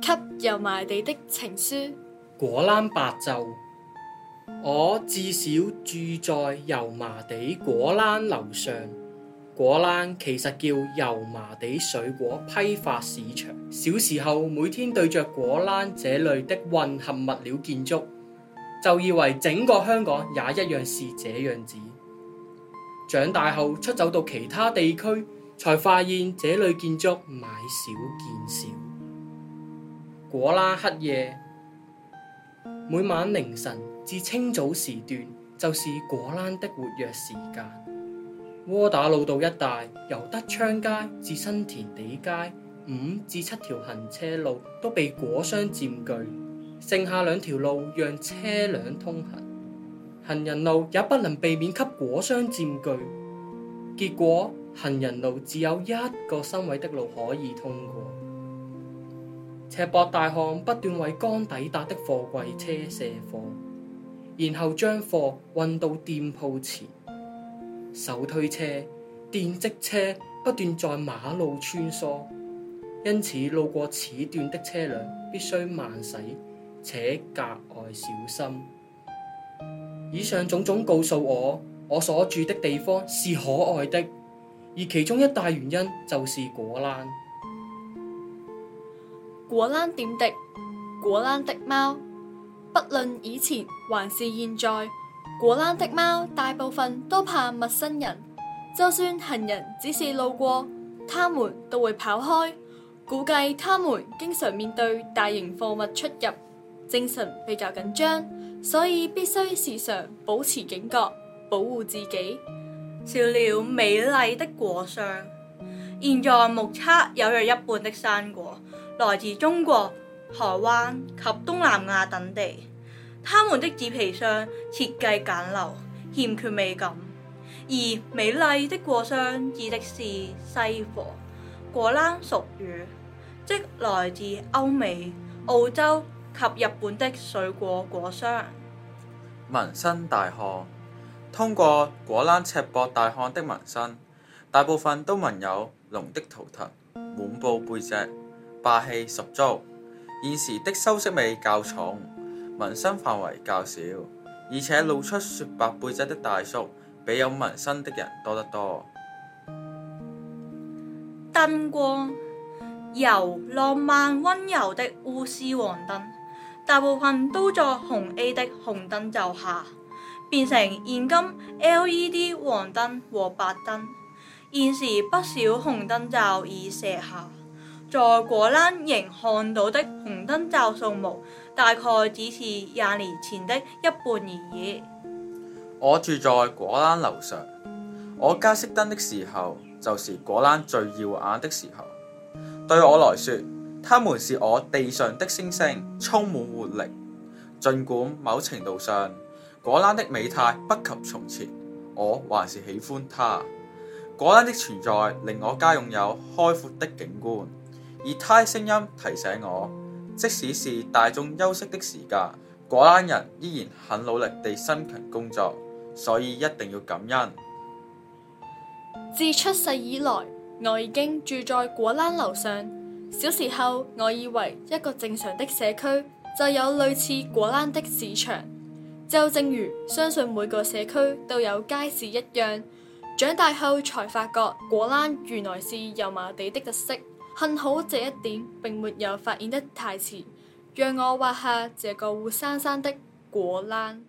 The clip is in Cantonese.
給油麻地的情書，果欄白晝，我至少住在油麻地果欄樓上。果欄其實叫油麻地水果批發市場。小時候每天對着果欄這類的混合物料建築，就以為整個香港也一樣是這樣子。長大後出走到其他地區，才發現這類建築買少見少。果欄黑夜，每晚凌晨至清早時段，就是果欄的活躍時間。窩打老道一帶由德昌街至新填地街五至七條行車路都被果箱佔據，剩下兩條路讓車輛通行。行人路也不能避免給果箱佔據，結果行人路只有一個身位的路可以通過。赤膊大漢不斷為剛抵達的貨櫃車卸貨，然後將貨運到店鋪前。手推車、電積車不斷在馬路穿梭，因此路過此段的車輛必須慢駛且格外小心。以上種種告訴我，我所住的地方是可愛的，而其中一大原因就是果欄。果欄點滴，果欄的貓，不論以前還是現在，果欄的貓大部分都怕陌生人，就算行人只是路過，它們都會跑開。估計它們經常面對大型貨物出入，精神比較緊張，所以必須時常保持警覺，保護自己。少了美麗的果商，現在目測有約一半的水果。來自中國、台灣及東南亞等地，他們的紙皮箱設計簡陋，欠缺美感。而美麗的果箱指的是西貨果欄術語，即來自歐美、澳洲及日本的水果果箱。紋身大漢。通過果欄赤膊大漢的紋身，大部分都紋有龍的圖騰，滿布背脊。霸氣十足，現時的修飾味較重，紋身範圍較少，而且露出雪白背脊的大叔比有紋身的人多得多。燈光由浪漫温柔的鎢絲黃燈，大部分都在紅 A 的紅燈罩下，變成現今 LED 黃燈和白燈。現時不少紅燈罩已卸下。在果欄仍看到的紅燈罩數目，大概只是廿年前的一半而已。我住在果欄樓上，我家熄燈的時候，就是果欄最耀眼的時候。對我來說，它們是我地上的星星，充滿活力。儘管某程度上果欄的美態不及從前，我還是喜歡它。果欄的存在令我家擁有開闊的景觀。以胎聲音提醒我，即使是大眾休息的時間，果欄人依然很努力地辛勤工作，所以一定要感恩。自出世以來，我已經住在果欄樓上。小時候，我以為一個正常的社區就有類似果欄的市場，就正如相信每個社區都有街市一樣。長大後才發覺，果欄原來是油麻地的特色。幸好這一點並沒有發現得太遲，讓我畫下這個活生生的果欄。